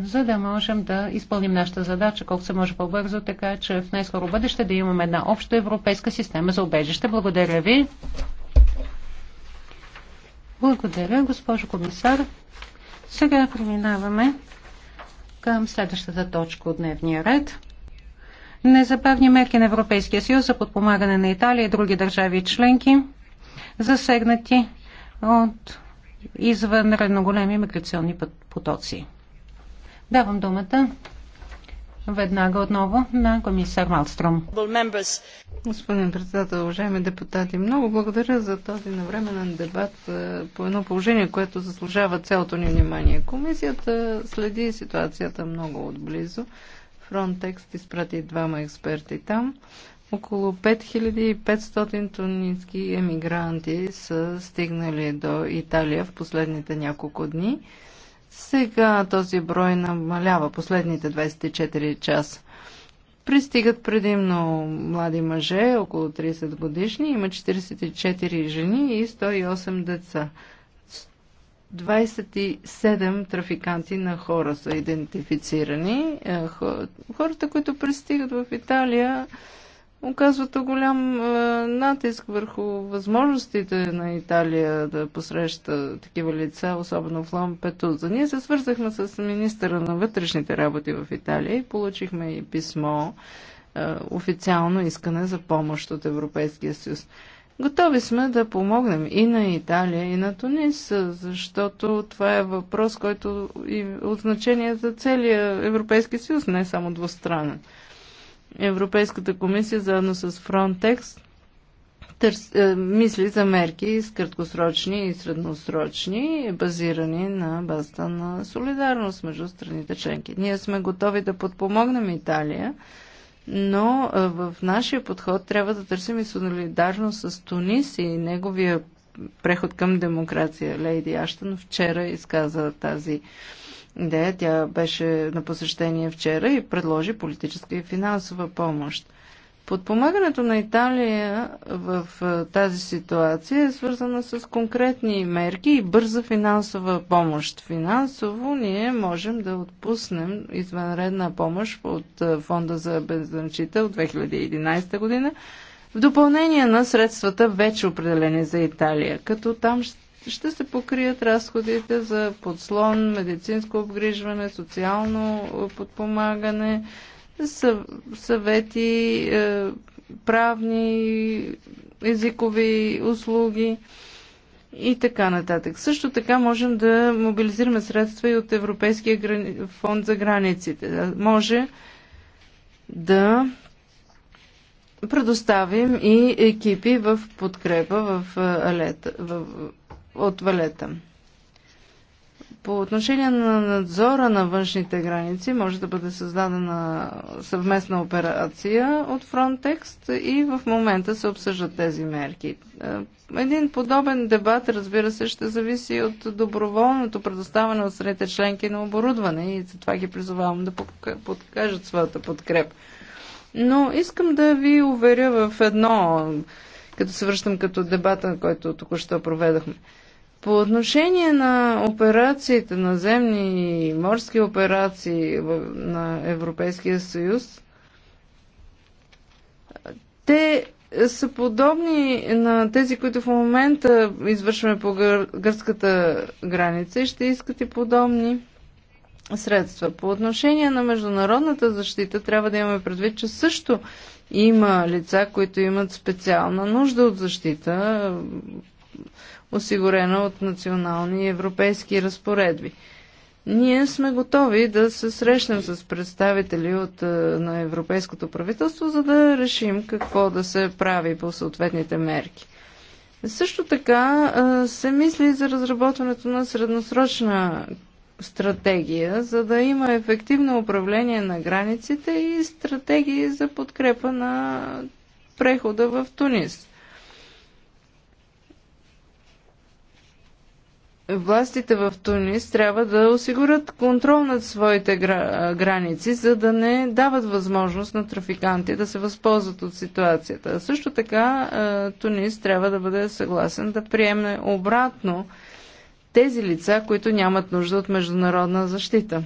за да можем да изпълним нашата задача колкото се може по-бързо, така че в най-скоро бъдеще да имаме една обща европейска система за убежище. Благодаря ви. Благодаря, госпожо комисар. Сега преминаваме към следващата точка от дневния ред. Незабавни мерки на Европейския съюз за подпомагане на Италия и други държави членки, засегнати от извънредно големи миграционни потоци. Давам думата веднага отново на комисар Малстром. Господин председател, уважаеми депутати, много благодаря за този навременен дебат е, по едно положение, което заслужава цялото ни внимание. Комисията следи ситуацията много отблизо. Frontex изпрати двама експерти там. Около 5500 тунински емигранти са стигнали до Италия в последните няколко дни. Сега този брой намалява последните 24 часа. Пристигат предимно млади мъже, около 30 годишни, има 44 жени и 108 деца. 27 трафиканти на хора са идентифицирани. Е, хората, които пристигат в Италия, оказвате голям е, натиск върху възможностите на Италия да посреща такива лица, особено в Лампетуза. Ние се свързахме с министъра на вътрешните работи в Италия и получихме и писмо, е, официално искане за помощ от Европейския съюз. Готови сме да помогнем и на Италия, и на Тунис, защото това е въпрос, който е от значение за целия Европейски съюз, не само двустранен. Европейската комисия заедно с Frontex търс, е, мисли за мерки с краткосрочни и средносрочни, базирани на базата на солидарност между страните членки. Ние сме готови да подпомогнем Италия, но е, в нашия подход трябва да търсим и солидарност с Тунис и неговия преход към демокрация. Лейди Аштън вчера изказа тази да, Тя беше на посещение вчера и предложи политическа и финансова помощ. Подпомагането на Италия в тази ситуация е свързана с конкретни мерки и бърза финансова помощ. Финансово ние можем да отпуснем извънредна помощ от Фонда за бензначита от 2011 година в допълнение на средствата вече определени за Италия, като там ще се покрият разходите за подслон, медицинско обгрижване, социално подпомагане, съвети, е, правни, езикови услуги и така нататък. Също така можем да мобилизираме средства и от Европейския фонд за границите. Може да предоставим и екипи в подкрепа в, е, алета, в от Валета. По отношение на надзора на външните граници може да бъде създадена съвместна операция от Frontex и в момента се обсъждат тези мерки. Е, един подобен дебат, разбира се, ще зависи от доброволното предоставяне от страните членки на оборудване и за това ги призовавам да подкажат своята подкреп. Но искам да ви уверя в едно, като се връщам като дебата, който току-що проведахме – по отношение на операциите, на земни и морски операции на Европейския съюз, те са подобни на тези, които в момента извършваме по гър... гръцката граница и ще искат и подобни средства. По отношение на международната защита трябва да имаме предвид, че също има лица, които имат специална нужда от защита осигурена от национални и европейски разпоредби. Ние сме готови да се срещнем с представители от, е, на Европейското правителство, за да решим какво да се прави по съответните мерки. Също така е, се мисли за разработването на средносрочна стратегия, за да има ефективно управление на границите и стратегии за подкрепа на прехода в Тунис. Властите в Тунис трябва да осигурят контрол над своите граници, за да не дават възможност на трафиканти да се възползват от ситуацията. Също така е, Тунис трябва да бъде съгласен да приеме обратно тези лица, които нямат нужда от международна защита.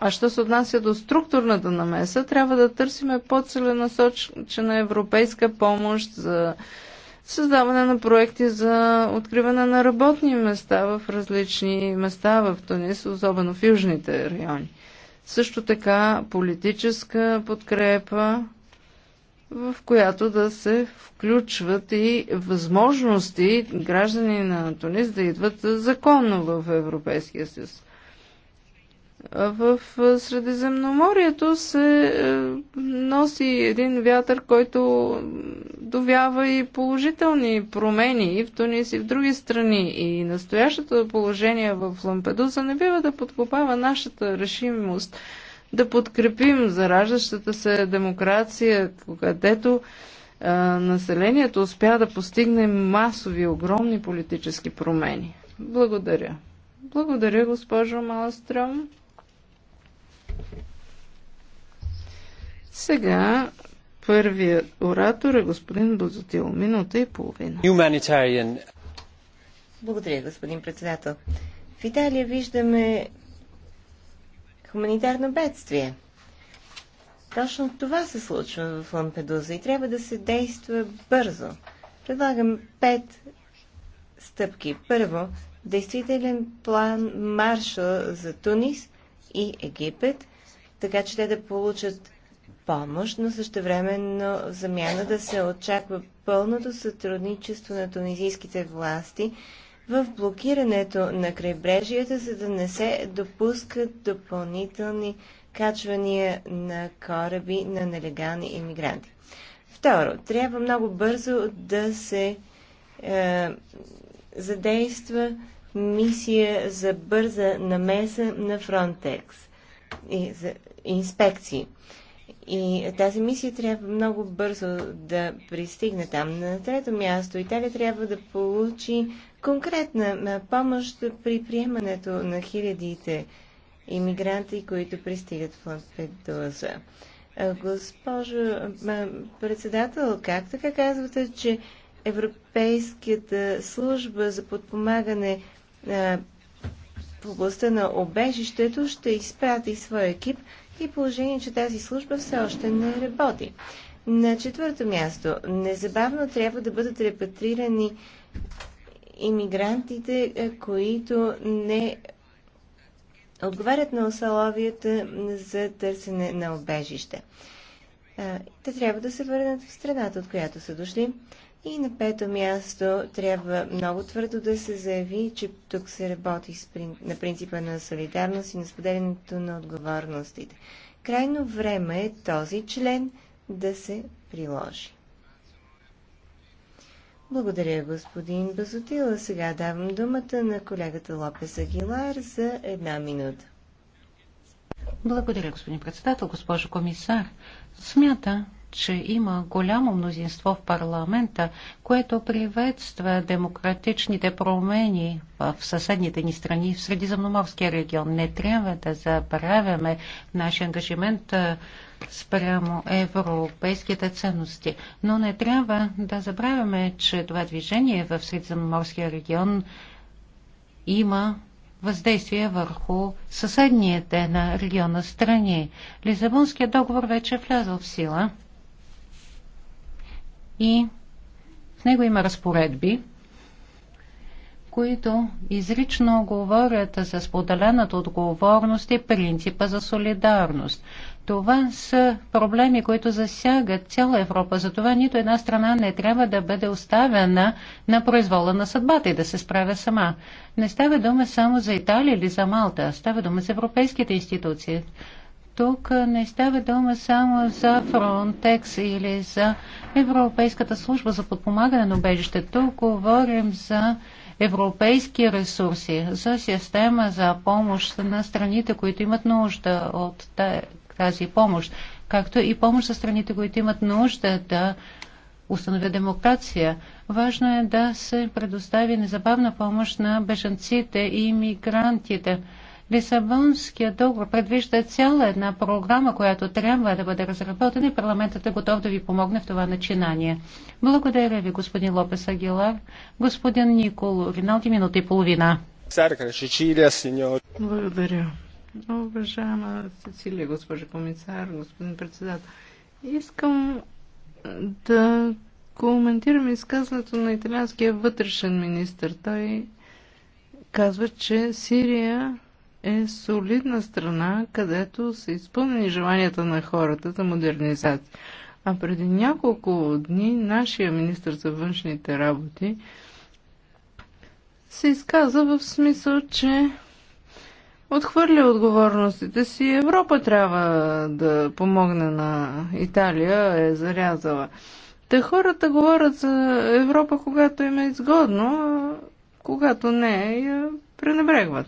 А що се отнася до структурната намеса, трябва да търсиме по-целенасочена европейска помощ за създаване на проекти за откриване на работни места в различни места в Тунис, особено в южните райони. Също така политическа подкрепа, в която да се включват и възможности граждани на Тунис да идват законно в Европейския съюз. В Средиземноморието се е, носи един вятър, който довява и положителни промени и в Тунис, и в други страни. И настоящото положение в Лампедуза не бива да подкопава нашата решимост да подкрепим зараждащата се демокрация, където е, населението успя да постигне масови, огромни политически промени. Благодаря. Благодаря, госпожо Малстрам. Сега първият оратор е господин Бозотил. Минута и половина. Humanitarian. Благодаря, господин председател. В Италия виждаме хуманитарно бедствие. Точно това се случва в Лампедуза и трябва да се действа бързо. Предлагам пет стъпки. Първо, действителен план Маршал за Тунис и Египет така че те да получат помощ, но същевременно в замяна да се очаква пълното сътрудничество на тунизийските власти в блокирането на крайбрежията, за да не се допускат допълнителни качвания на кораби на нелегални иммигранти. Второ, трябва много бързо да се е, задейства мисия за бърза намеса на Фронтекс и за, инспекции. И тази мисия трябва много бързо да пристигне там. На трето място Италия трябва да получи конкретна помощ при приемането на хилядите иммигранти, които пристигат в Лампедуза. Госпожо председател, как така казвате, че Европейската служба за подпомагане в областта на обежището ще изпрати своя екип при положение, че тази служба все още не работи. На четвърто място, незабавно трябва да бъдат репатрирани иммигрантите, е, които не отговарят на условията за търсене на обежище. Е, те трябва да се върнат в страната, от която са дошли. И на пето място трябва много твърдо да се заяви, че тук се работи на принципа на солидарност и на споделянето на отговорностите. Крайно време е този член да се приложи. Благодаря, господин Базотила. Сега давам думата на колегата Лопес Агилар за една минута. Благодаря, господин председател, госпожо комисар. Смята, че има голямо мнозинство в парламента, което приветства демократичните промени в съседните ни страни в Средиземноморския регион. Не трябва да забравяме нашия ангажимент спрямо европейските ценности. Но не трябва да забравяме, че това движение в Средиземноморския регион има въздействие върху съседните на региона страни. Лизабонският договор вече е влязъл в сила и в него има разпоредби, които изрично говорят за споделената отговорност и принципа за солидарност. Това са проблеми, които засягат цяла Европа. Затова нито една страна не трябва да бъде оставена на произвола на съдбата и да се справя сама. Не става дума само за Италия или за Малта, става дума за европейските институции. Тук не става дума само за Frontex или за Европейската служба за подпомагане на убежище. Тук Говорим за европейски ресурси, за система за помощ на страните, които имат нужда от тази помощ, както и помощ за страните, които имат нужда да установят демокрация. Важно е да се предостави незабавна помощ на бежанците и мигрантите. Лисабонският договор предвижда цяла една програма, която трябва да бъде разработена и парламентът е готов да ви помогне в това начинание. Благодаря ви, господин Лопес Агилар. Господин Никол Риналди, минута и половина. Благодаря. Уважаема Сицилия, госпожа комисар, господин председател, искам да коментирам изказването на италианския вътрешен министр. Той казва, че Сирия е солидна страна, където са изпълнени желанията на хората за модернизация. А преди няколко дни нашия министр за външните работи се изказа в смисъл, че отхвърля отговорностите си. Европа трябва да помогне на Италия, е зарязала. Те хората говорят за Европа, когато им е изгодно, а когато не, я пренебрегват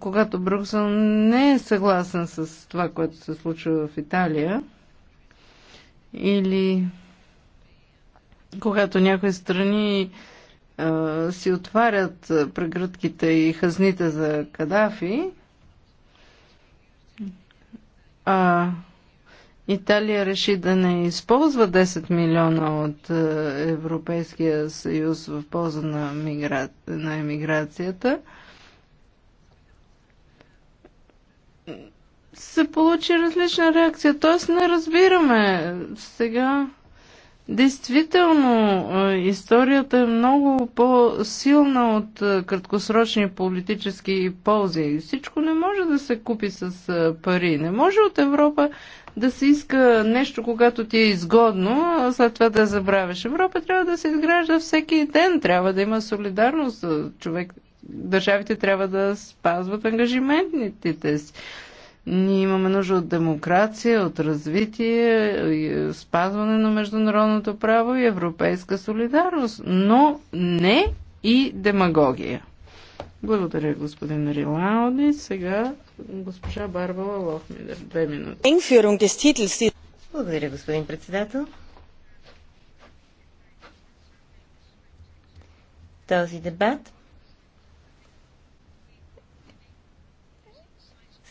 когато Брюксел не е съгласен с това, което се случва в Италия, или когато някои страни а, си отварят прегръдките и хазните за Кадафи, а Италия реши да не използва 10 милиона от Европейския съюз в полза на, мигра... на емиграцията, се получи различна реакция. Т.е. не разбираме. Сега, действително, историята е много по-силна от краткосрочни политически ползи. Всичко не може да се купи с пари. Не може от Европа да се иска нещо, когато ти е изгодно, а след това да забравяш. Европа трябва да се изгражда всеки ден. Трябва да има солидарност. Човек, държавите трябва да спазват ангажиментите си. Ние имаме нужда от демокрация, от развитие, спазване на международното право и европейска солидарност, но не и демагогия. Благодаря, господин Рилауди. Сега госпожа Барбала Лохмидер. Две минути. Благодаря, господин председател. Този дебат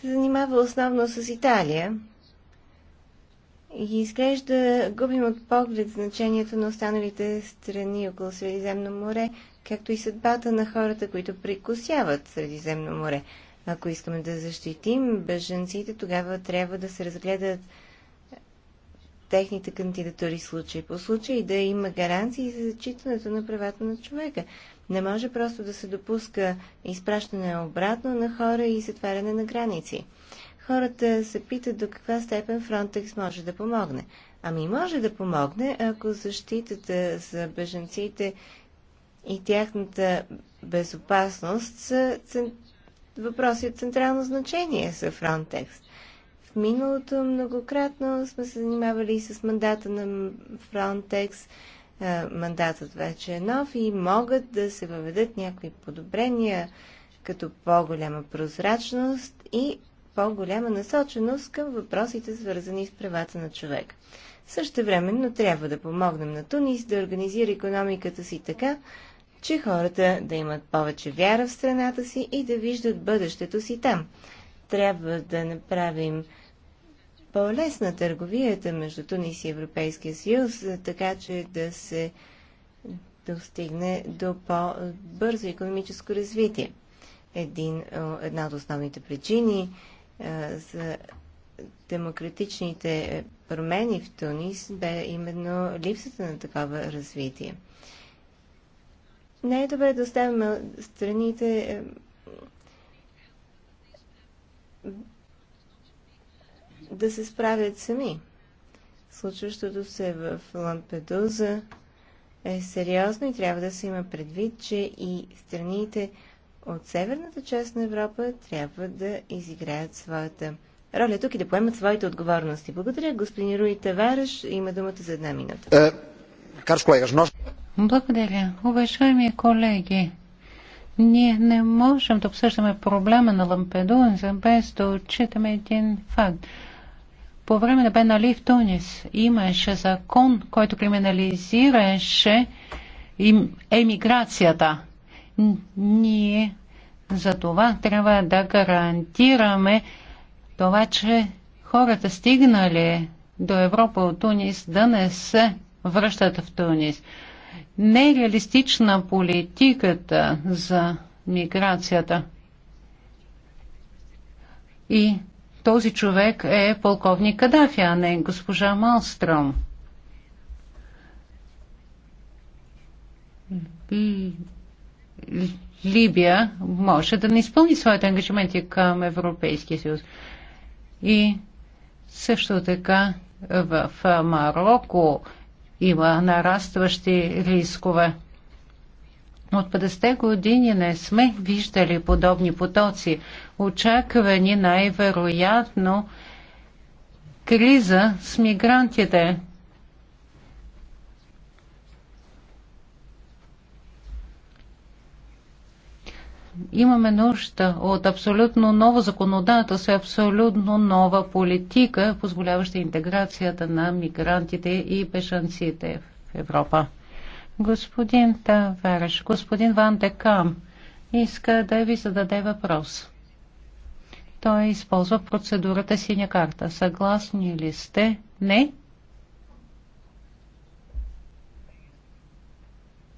се занимава основно с Италия и изглежда губим от поглед значението на останалите страни около Средиземно море, както и съдбата на хората, които прикусяват Средиземно море. Ако искаме да защитим беженците, тогава трябва да се разгледат техните кандидатури случай по случай и да има гаранции за зачитането на правата на човека. Не може просто да се допуска изпращане обратно на хора и затваряне на граници. Хората се питат до каква степен Фронтекс може да помогне. Ами може да помогне, ако защитата за беженците и тяхната безопасност са въпроси от централно значение за Frontex. В миналото многократно сме се занимавали и с мандата на Frontex, е, мандатът вече е нов и могат да се въведат някакви подобрения, като по-голяма прозрачност и по-голяма насоченост към въпросите, свързани с правата на човек. Също времено трябва да помогнем на Тунис да организира економиката си така, че хората да имат повече вяра в страната си и да виждат бъдещето си там. Трябва да направим по-лесна търговията между Тунис и Европейския съюз, е, така че да се достигне до по-бързо економическо развитие. Един, една от основните причини е, за демократичните е, промени в Тунис бе именно липсата на такова развитие. Не е добре да оставим страните да се справят сами. Случващото се в Лампедуза е сериозно и трябва да се има предвид, че и страните от северната част на Европа трябва да изиграят своята роля тук и да поемат своите отговорности. Благодаря, господин Руи Тавареш. Има думата за една минута. Е, Благодаря. Уважаеми колеги, ние не можем да обсъждаме проблема на Лампедуза без да отчитаме един факт. По време на Бен Али в Тунис имаше закон, който криминализираше емиграцията. Ние за това трябва да гарантираме това, че хората стигнали до Европа от Тунис да не се връщат в Тунис. Нереалистична политиката за миграцията. И този човек е полковник Кадафи, а не госпожа Малстром. Либия може да не изпълни своите ангажименти към Европейския съюз. И също така в Марокко има нарастващи рискове но от 50-те години не сме виждали подобни потоци. Очаквани най-вероятно криза с мигрантите. имаме нужда от абсолютно ново законодателство, абсолютно нова политика, позволяваща интеграцията на мигрантите и бежанците в Европа. Господин Тавереш, господин Ван Декам иска да ви зададе въпрос. Той използва процедурата синя карта. Съгласни ли сте? Не?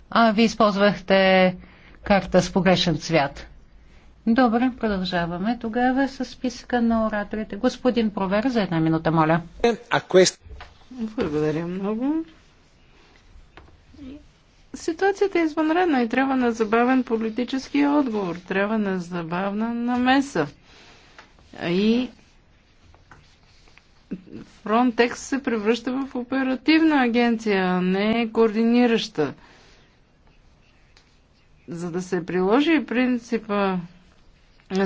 А, ви използвахте карта с погрешен цвят. Добре, продължаваме тогава с списъка на ораторите. Господин Провер, за една минута, моля. Благодаря много. Ситуацията е извънредна и трябва на забавен политически отговор, трябва на забавна намеса. И Frontex се превръща в оперативна агенция, а не координираща. За да се приложи принципа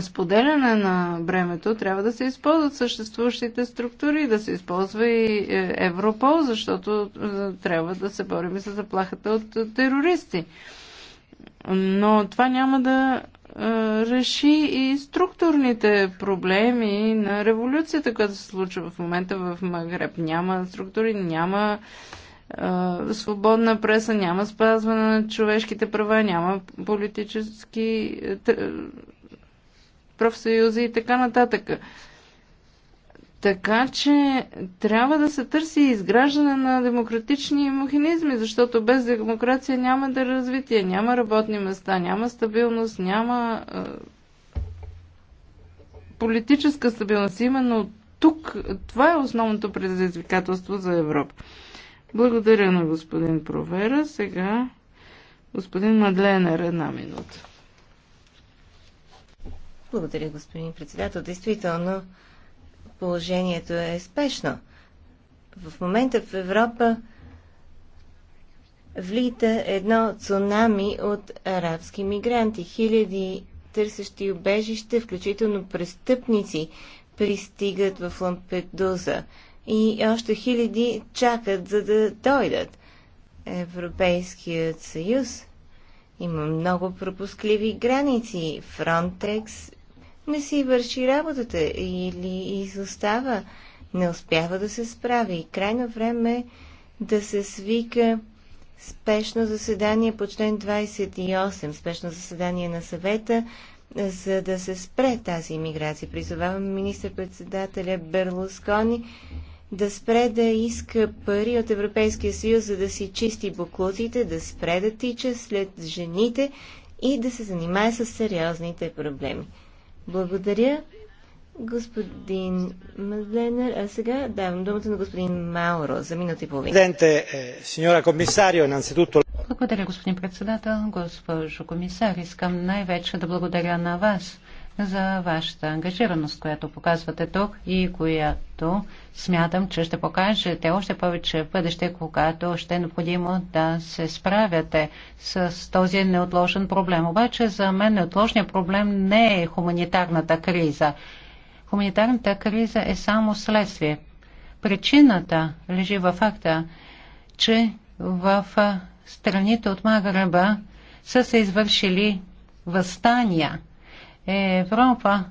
споделяне на бремето трябва да се използват съществуващите структури, да се използва и е, Европол, защото е, трябва да се борим с заплахата от терористи. Но това няма да е, реши и структурните проблеми на революцията, която се случва в момента в Магреб. Няма структури, няма свободна преса, няма спазване на човешките права, няма политически профсъюзи и така нататък. Така че трябва да се търси изграждане на демократични механизми, защото без демокрация няма да развитие, няма работни места, няма стабилност, няма е, политическа стабилност. Именно тук това е основното предизвикателство за Европа. Благодаря на господин Провера. Сега господин Мадленер една минута. Благодаря, господин председател. Действително, положението е спешно. В момента в Европа влита едно цунами от арабски мигранти. Хиляди търсещи убежище, включително престъпници, пристигат в Лампедуза. И още хиляди чакат, за да дойдат. Европейският съюз има много пропускливи граници. Фронтекс не си върши работата или изостава, не успява да се справи. И крайно време е да се свика спешно заседание по член 28, спешно заседание на съвета, за да се спре тази иммиграция. Призовавам министър-председателя Берлускони да спре да иска пари от Европейския съюз, за да си чисти буклутите, да спре да тича след жените и да се занимае с сериозните проблеми. Благодаря, господин Мазленер. А сега давам думата на господин Мауро за минута и половина. Е, благодаря, господин председател. Госпожо комисар, искам най-вече да благодаря на вас за вашата ангажираност, която показвате тук и която смятам, че ще покажете още повече в бъдеще, когато ще е необходимо да се справяте с този неотложен проблем. Обаче за мен неотложният проблем не е хуманитарната криза. Хуманитарната криза е само следствие. Причината лежи във факта, че в страните от Магреба са се извършили възстания – Европа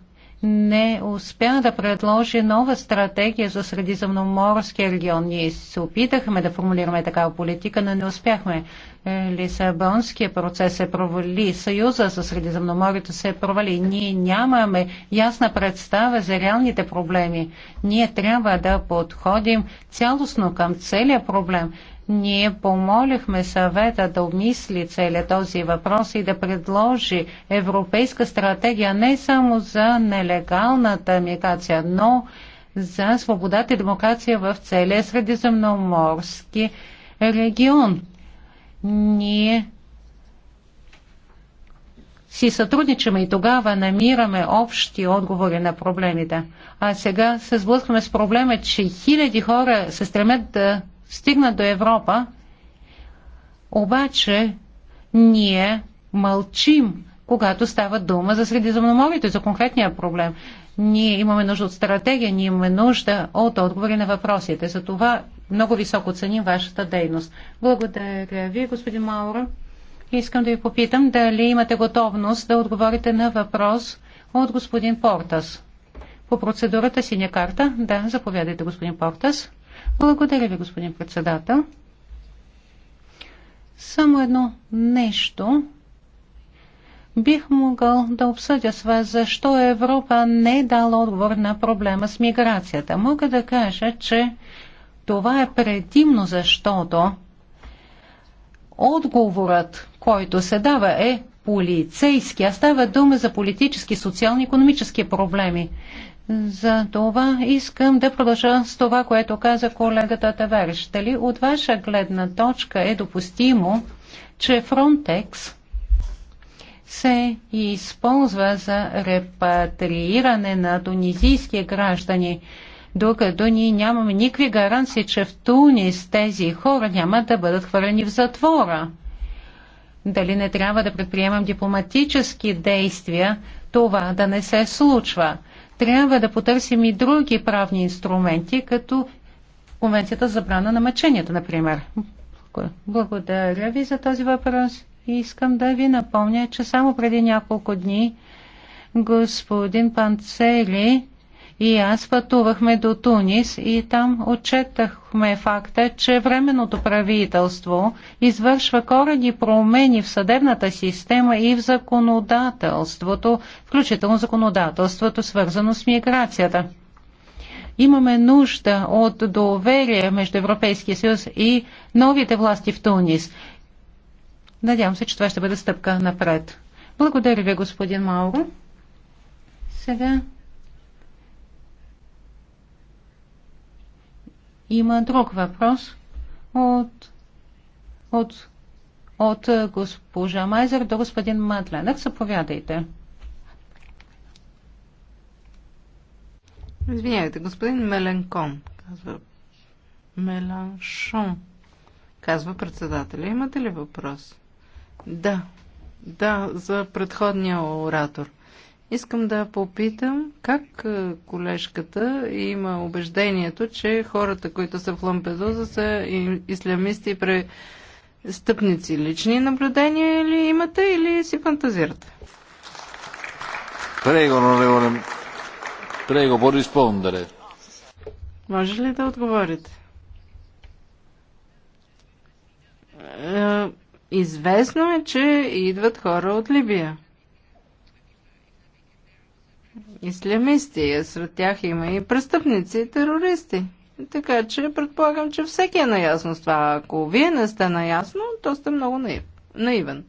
не успя да предложи нова стратегия за Средиземноморския регион. Ние се опитахме да формулираме такава политика, но не успяхме. Е, Лисабонския процес се провали, Съюза за Средиземноморието се провали. Ние нямаме ясна представа за реалните проблеми. Ние трябва да подходим цялостно към целия проблем. Ние помолихме съвета да обмисли целият този въпрос и да предложи европейска стратегия не само за нелегалната миграция, но за свободата и демокрация в целия средиземноморски регион. Ние си сътрудничаме и тогава намираме общи отговори на проблемите. А сега се сблъскваме с проблема, че хиляди хора се стремят да Стигна до Европа, обаче ние мълчим, когато става дума за Средиземноморието, за конкретния проблем. Ние имаме нужда от стратегия, ние имаме нужда от отговори на въпросите. За това много високо ценим вашата дейност. Благодаря ви, господин Маура. Искам да ви попитам дали имате готовност да отговорите на въпрос от господин Портас. По процедурата синя карта. Да, заповядайте, господин Портас. Благодаря ви, господин председател. Само едно нещо бих могъл да обсъдя с вас защо Европа не е дала отговор на проблема с миграцията. Мога да кажа, че това е предимно защото отговорът, който се дава е полицейски, а става дума за политически, социални, економически проблеми. За това искам да продължа с това, което каза колегата Таверш. Дали от ваша гледна точка е допустимо, че Фронтекс се използва за репатрииране на тунизийски граждани, докато ние нямаме никакви гаранции, че в Тунис тези хора няма да бъдат хвърлени в затвора. Дали не трябва да предприемам дипломатически действия това да не се случва? трябва да потърсим и други правни инструменти, като Конвенцията за брана на мъченията, например. Благодаря ви за този въпрос. Искам да ви напомня, че само преди няколко дни господин Панцели и аз пътувахме до Тунис и там отчетахме факта, че временното правителство извършва корени промени в съдебната система и в законодателството, включително законодателството, свързано с миграцията. Имаме нужда от доверие между Европейския съюз и новите власти в Тунис. Надявам се, че това ще бъде стъпка напред. Благодаря ви, господин Мауро. Сега Има друг въпрос от, от, от е, госпожа Майзер до господин Матленък. Съповядайте. Извинявайте, господин Меленкон, казва Меланшон, казва председателя. Имате ли въпрос? Да, да, за предходния оратор. Искам да попитам как е, колежката има убеждението, че хората, които са в Лампедуза, са ислямисти и престъпници. Лични наблюдения или имате, или си фантазирате? Прего, ноневоле. Прего, по респондере. Може ли да отговорите? Е, известно е, че идват хора от Либия ислямисти, а сред тях има и престъпници и терористи. Така че предполагам, че всеки е наясно с това. Ако вие не сте наясно, то сте много наив... наивен.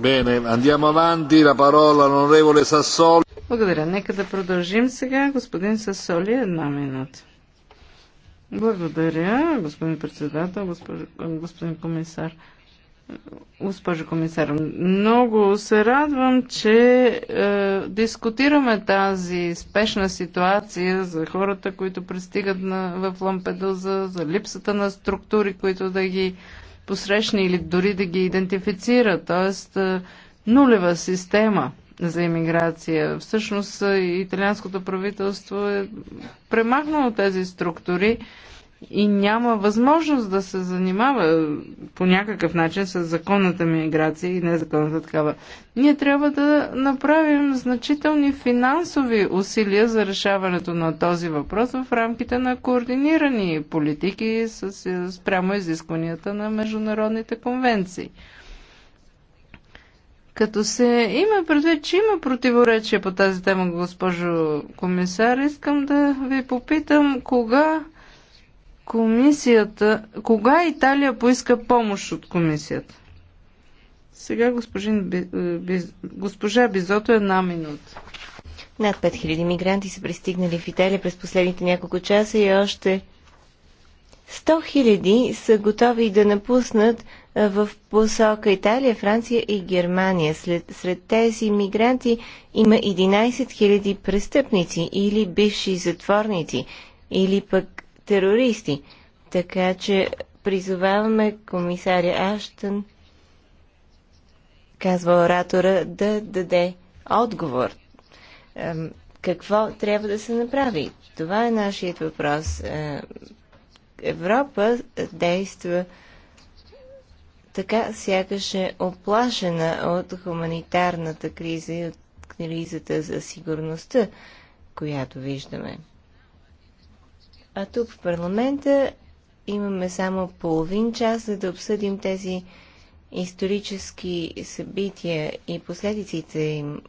Bene, andiamo avanti, la parola all'onorevole Sassoli. Благодаря. Нека да продължим сега. Господин Сасоли, една минута. Благодаря, господин председател, господин, господин комисар госпожо комисар. Много се радвам, че е, дискутираме тази спешна ситуация за хората, които пристигат на, в Лампедуза, за липсата на структури, които да ги посрещне или дори да ги идентифицира. Т.е. нулева система за иммиграция. Всъщност, е, италианското правителство е премахнало тези структури и няма възможност да се занимава по някакъв начин с законната миграция и незаконната такава. Ние трябва да направим значителни финансови усилия за решаването на този въпрос в рамките на координирани политики с, спрямо изискванията на международните конвенции. Като се има предвид, че има противоречия по тази тема, госпожо комисар, искам да ви попитам кога комисията, кога Италия поиска помощ от комисията? Сега госпожин, е, госпожа Бизото една минута. Над 5000 мигранти са пристигнали в Италия през последните няколко часа и още 100 хиляди са готови да напуснат е, в посока Италия, Франция и Германия. След, сред тези мигранти има 11 хиляди престъпници или бивши затворници, или пък терористи. Така че призоваваме комисаря Аштън, казва оратора, да даде отговор. Какво трябва да се направи? Това е нашият въпрос. Е, Европа действа така сякаш е оплашена от хуманитарната криза и от кризата за сигурността, която виждаме. А тук в парламента имаме само половин час, за да обсъдим тези исторически събития и последиците им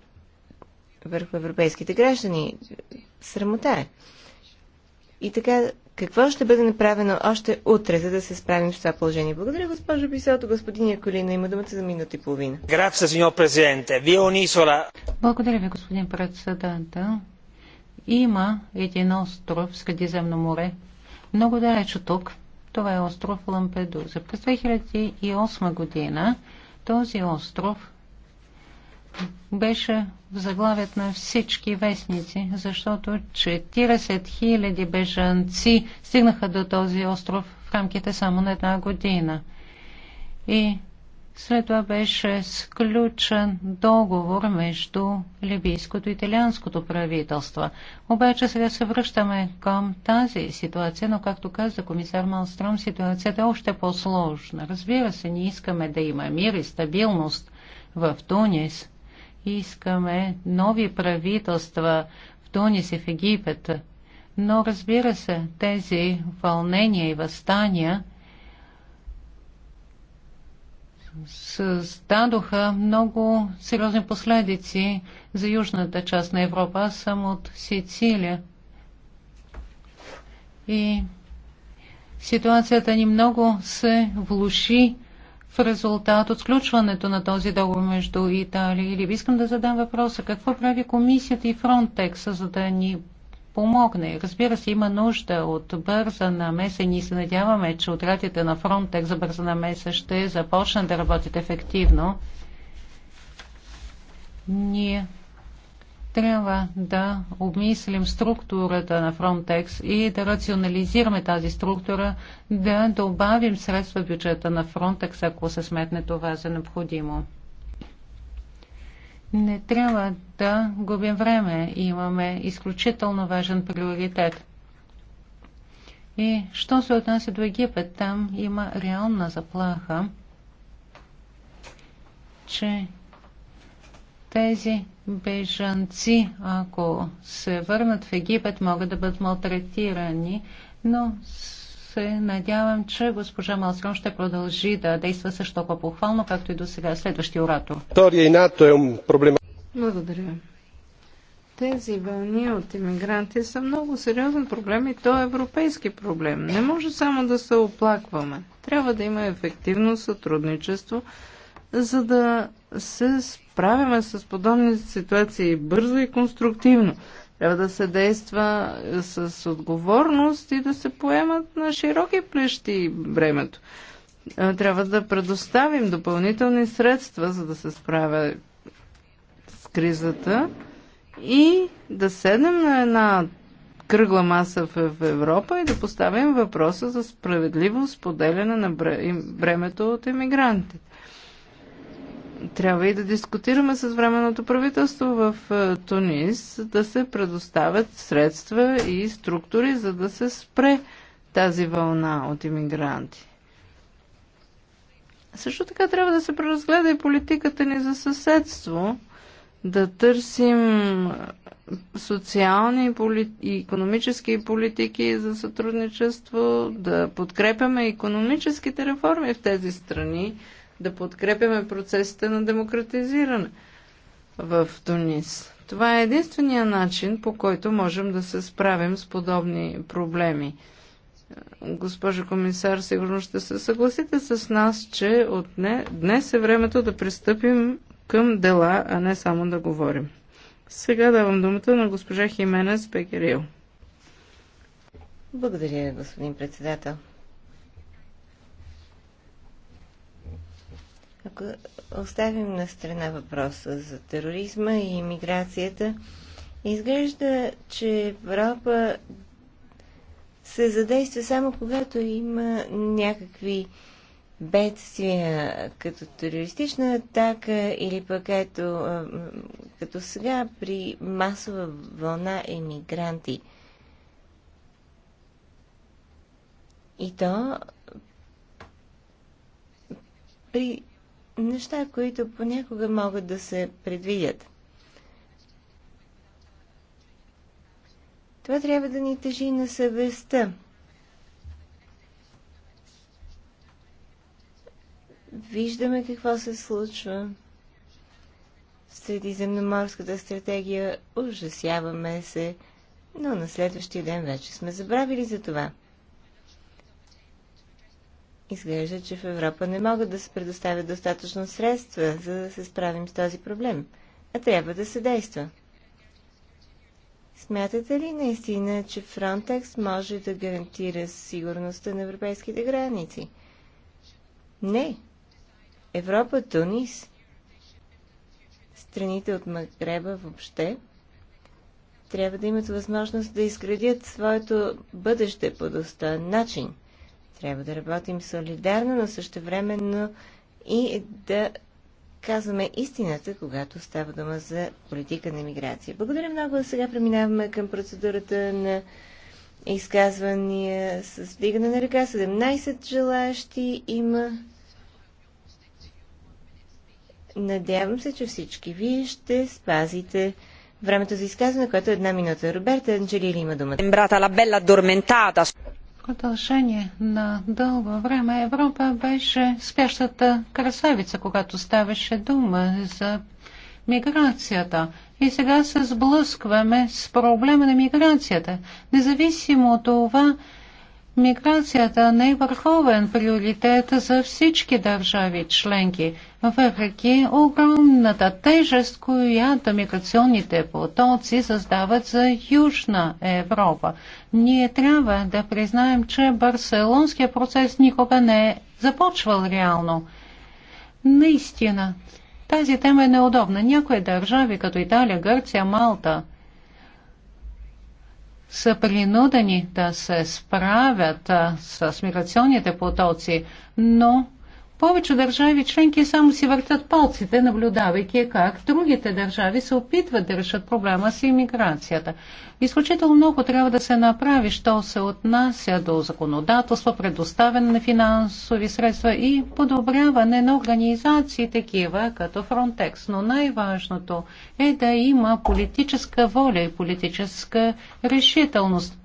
върху европейските граждани. Срамота е. И така, какво ще бъде направено още утре, за да се справим с това положение? Благодаря, госпожо Писото. Господин Яколина има думата за минута и половина. Благодаря ви, господин председател. Има един остров в Средиземно море, много далеч от тук. Това е остров Лампедуза. През 2008 година този остров беше в заглавят на всички вестници, защото 40 000 бежанци стигнаха до този остров в рамките само на една година. И след това беше сключен договор между либийското и италианското правителство. Обаче сега се връщаме към тази ситуация, но както каза комисар Малстром, ситуацията е още по-сложна. Разбира се, ние искаме да има мир и стабилност в Тунис. Искаме нови правителства в Тунис и в Египет. Но разбира се, тези вълнения и възстания създадоха много сериозни последици за южната част на Европа. Аз съм от Сицилия. И ситуацията ни много се влуши в резултат от сключването на този договор между Италия и Либия. Искам да задам въпроса. Какво прави комисията и Фронтекс, за да ни помогне. Разбира се, има нужда от бърза намеса и ние се надяваме, че отрядите на Фронтек за бърза намеса ще започнат да работят ефективно. Ние трябва да обмислим структурата на Frontex и да рационализираме тази структура, да добавим средства в бюджета на Frontex, ако се сметне това за необходимо. Не трябва да губим време. Имаме изключително важен приоритет. И що се отнася до Египет, там има реална заплаха, че тези бежанци, ако се върнат в Египет, могат да бъдат малтретирани, но с се надявам, че госпожа Малстрон ще продължи да действа също толкова похвално, както и до сега. Следващия оратор. Е Благодаря. Тези вълни от иммигранти са много сериозен проблем и то е европейски проблем. Не може само да се оплакваме. Трябва да има ефективно сътрудничество, за да се справяме с подобни ситуации бързо и конструктивно. Трябва да се действа е, с отговорност и да се поемат на широки плещи времето. Е, трябва да предоставим допълнителни средства, за да се справя с кризата и да седнем на една кръгла маса в Европа и да поставим въпроса за справедливо споделяне на бремето от емигрантите трябва и да дискутираме с временното правителство в е, Тунис да се предоставят средства и структури, за да се спре тази вълна от иммигранти. Също така трябва да се преразгледа и политиката ни за съседство, да търсим социални и економически политики за сътрудничество, да подкрепяме економическите реформи в тези страни, да подкрепяме процесите на демократизиране в Тунис. Това е единствения начин, по който можем да се справим с подобни проблеми. Госпожо комисар, сигурно ще се съгласите с нас, че от не, днес е времето да пристъпим към дела, а не само да говорим. Сега давам думата на госпожа Хименес Пекерил. Благодаря, господин председател. Ако оставим на страна въпроса за тероризма и иммиграцията, изглежда, че Европа се задейства само когато има някакви бедствия, като терористична атака или пък ето, като сега при масова вълна емигранти. И то при неща, които понякога могат да се предвидят. Това трябва да ни тежи на съвестта. Виждаме какво се случва. Средиземноморската стратегия ужасяваме се, но на следващия ден вече сме забравили за това. Изглежда, че в Европа не могат да се предоставят достатъчно средства, за да се справим с този проблем. А трябва да се действа. Смятате ли наистина, че Frontex може да гарантира сигурността на европейските граници? Не. Европа, Тунис, страните от Магреба въобще, трябва да имат възможност да изградят своето бъдеще по достоен начин. Трябва да работим солидарно, но също времено и да казваме истината, когато става дума за политика на миграция. Благодаря много. сега преминаваме към процедурата на изказвания с вдигане на ръка. 17 желаящи има. Надявам се, че всички вие ще спазите времето за изказване, което е една минута. Роберта Анджелили има думата продължение на дълго време Европа беше спящата красавица, когато ставаше дума за миграцията. И сега се сблъскваме с проблема на миграцията. Независимо от това, Миграцията не е върховен приоритет за всички държави членки, въпреки огромната тежест, която миграционните потоци създават за Южна Европа. Ние трябва да признаем, че барселонския процес никога не е започвал реално. Наистина, тази тема е неудобна. Някои държави, като Италия, Гърция, Малта – са принудени да се справят с миграционните потоци, но повече държави членки само си въртат палците, наблюдавайки как другите държави се опитват да решат проблема с иммиграцията. Изключително много трябва да се направи, що се отнася до законодателство, предоставяне на финансови средства и подобряване на организации такива като Frontex. Но най-важното е да има политическа воля и политическа решителност.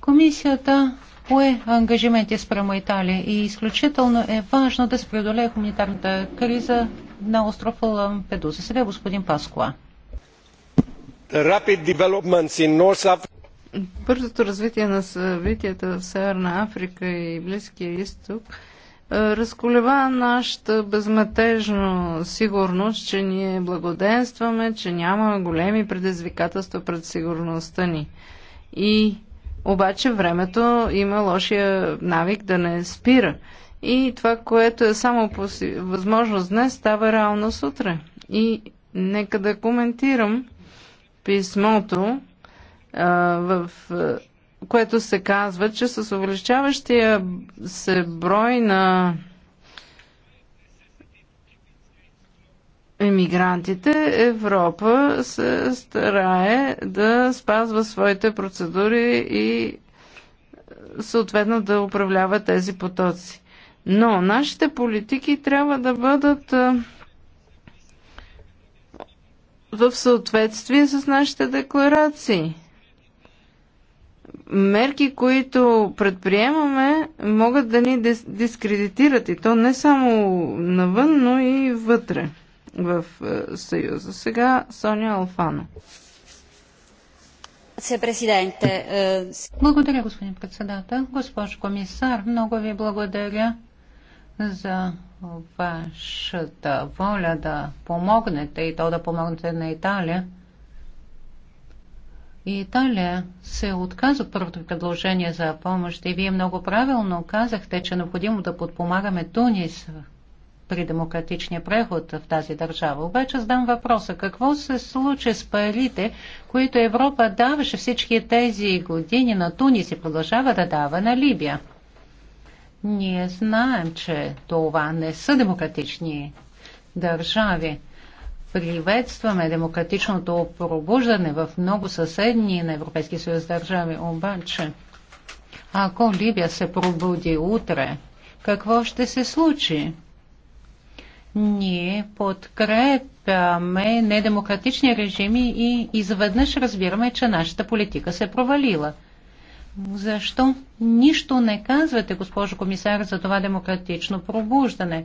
Комисията пое ангажименти спрямо Италия и изключително е важно да се преодолее хуманитарната криза на остров Лампедуза. Сега господин Паскова. Бързото развитие на събитията в Северна Африка и Близкия изток е, разколева нашата безметежно сигурност, че ние благоденстваме, че няма големи предизвикателства пред сигурността ни. И обаче времето има лошия навик да не спира. И това, което е само възможност днес, става реално сутре. И нека да коментирам писмото, в което се казва, че с увеличаващия се брой на емигрантите, Европа се старае да спазва своите процедури и е, съответно да управлява тези потоци. Но нашите политики трябва да бъдат е, в съответствие с нашите декларации. Мерки, които предприемаме, могат да ни дискредитират и то не само навън, но и вътре в е, Съюза. Сега Соня Алфано. Е, благодаря, господин председател. Госпожо комисар, много ви благодаря за вашата воля да помогнете и то да помогнете на Италия. И Италия се отказа от първото предложение за помощ и вие много правилно казахте, че е необходимо да подпомагаме Тунис при демократичния преход в тази държава. Обаче задам въпроса, какво се случи с парите, които Европа даваше всички тези години на Тунис и продължава да дава на Либия? Ние знаем, че това не са демократични държави. Приветстваме демократичното пробуждане в много съседни на Европейски съюз държави, обаче ако Либия се пробуди утре, какво ще се случи? Ние подкрепяме недемократични режими и изведнъж разбираме, че нашата политика се е провалила. Защо нищо не казвате, госпожо комисар, за това демократично пробуждане?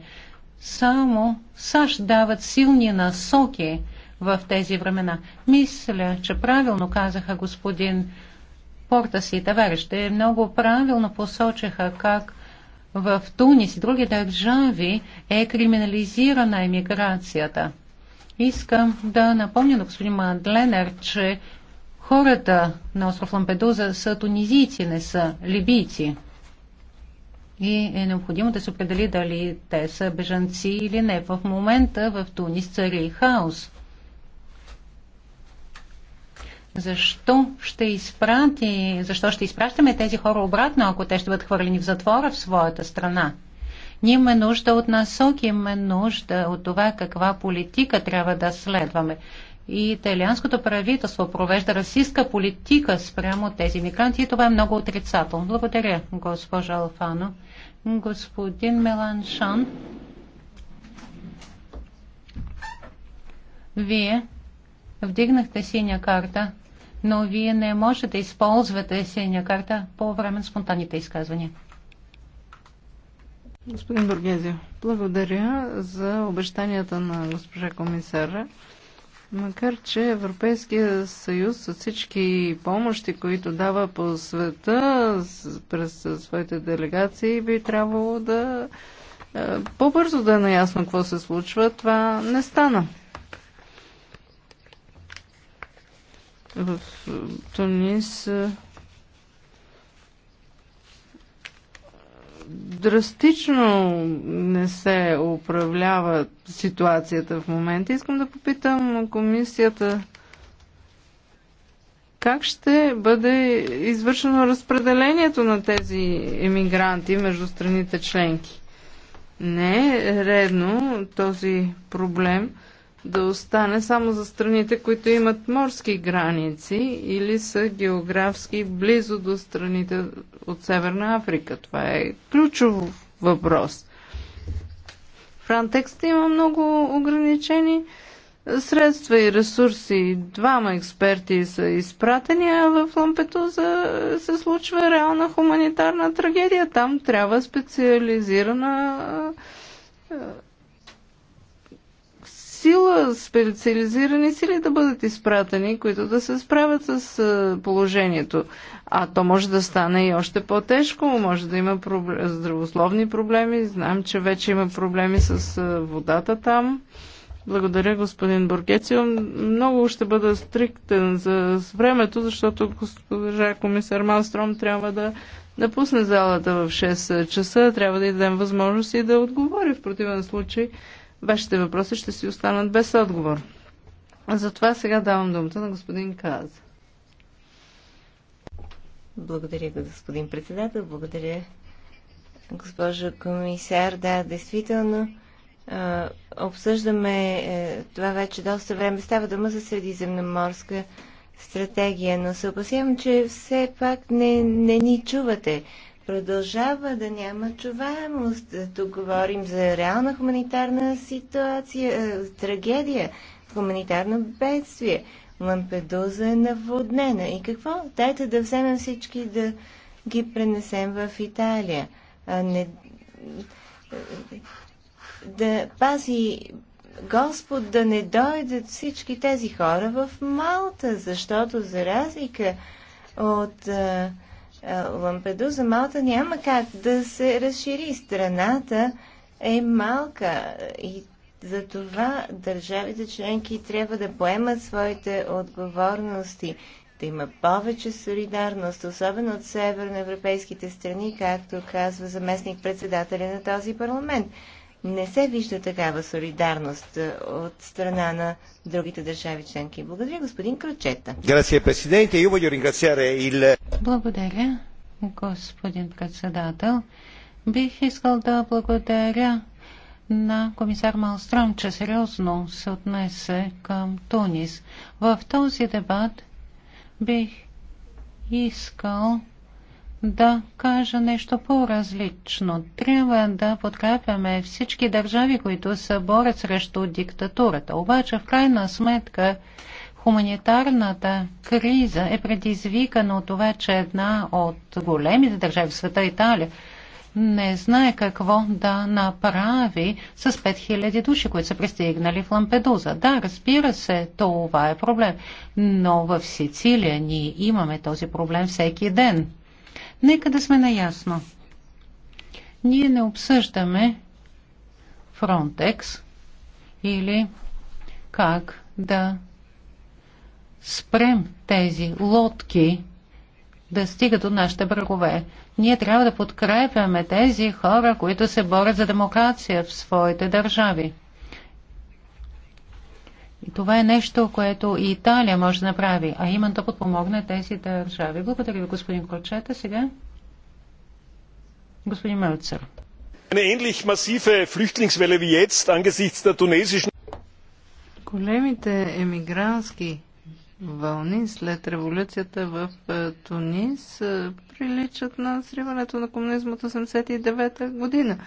Само САЩ дават силни насоки в тези времена. Мисля, че правилно казаха господин Портас и товарищите. Много правилно посочиха как в Тунис и други държави е криминализирана емиграцията. Искам да напомня на господин Мадленер, че хората на остров Лампедуза са тунизийци, не са либийци. И е необходимо да се определи дали те са бежанци или не. В момента в Тунис цари хаос – защо ще, изпрати, защо ще изпращаме тези хора обратно, ако те ще бъдат хвърлени в затвора в своята страна? Ние имаме нужда от насоки, имаме нужда от това каква политика трябва да следваме. И италианското правителство провежда расистска политика спрямо тези мигранти и това е много отрицателно. Благодаря, госпожа Алфано. Господин Меланшан, вие вдигнахте синя карта но вие не можете да използвате синя карта по време на спонтанните изказвания. Господин Боргезио, благодаря за обещанията на госпожа комисара. Макар, че Европейския съюз с всички помощи, които дава по света през своите делегации, би трябвало да е, по-бързо да е наясно какво се случва. Това не стана. В е, Тунис е, драстично не се управлява ситуацията в момента. Искам да попитам комисията как ще бъде извършено разпределението на тези емигранти между страните членки. Не е редно този проблем да остане само за страните, които имат морски граници или са географски близо до страните от Северна Африка. Това е ключов въпрос. Франтекст има много ограничени средства и ресурси. Двама експерти са изпратени, а в Лампетуза се случва реална хуманитарна трагедия. Там трябва специализирана сила, специализирани сили да бъдат изпратени, които да се справят с положението. А то може да стане и още по-тежко, може да има проблем, здравословни проблеми. Знам, че вече има проблеми с водата там. Благодаря, господин Бургецио. Много ще бъда стриктен за времето, защото госпожа комисар Малстром трябва да напусне залата в 6 часа. Трябва да й дадем възможност и да отговори. В противен случай вашите въпроси ще си останат без отговор. Затова сега давам думата на господин Каз. Благодаря, господин председател. Благодаря, госпожо комисар. Да, действително, обсъждаме е, това вече доста време. Става дума за средиземноморска стратегия, но се опасявам, че все пак не, не ни чувате. Продължава да няма чуваемост. Тук говорим за реална хуманитарна ситуация, е, трагедия, хуманитарно бедствие. Лампедуза е наводнена. И какво? Дайте да вземем всички да ги пренесем в Италия. А не... Е, да пази Господ да не дойдат всички тези хора в Малта, защото за разлика от а, е, е, Лампедуза, Малта няма как да се разшири. Страната е малка и за това държавите членки трябва да поемат своите отговорности, да има повече солидарност, особено от северноевропейските страни, както казва заместник председателя на този парламент. Не се вижда такава солидарност е, от страна на другите държави членки. Благодаря, господин Крочета. Благодаря, господин председател. Бих искал да благодаря на комисар Малстром, че сериозно се отнесе към Тунис. В този дебат бих искал да кажа нещо по-различно. Трябва да подкрепяме всички държави, които се борят срещу диктатурата. Обаче, в крайна сметка, Хуманитарната криза е предизвикана от това, че една от големите държави в света, Италия, не знае какво да направи с 5000 души, които са пристигнали в Лампедуза. Да, разбира се, това е проблем, но в Сицилия ние имаме този проблем всеки ден. Нека да сме наясно. Ние не обсъждаме Фронтекс или как да спрем тези лодки да стигат до нашите брагове, Ние трябва да подкрепяме тези хора, които се борят за демокрация в своите държави. И това е нещо, което и Италия може да направи, а именно да подпомогне тези държави. Благодаря ви, господин Кочета. Сега господин Мелцер. Големите емигрантски вълни след революцията в е, Тунис е, приличат на сриването на комунизма от 89-та година.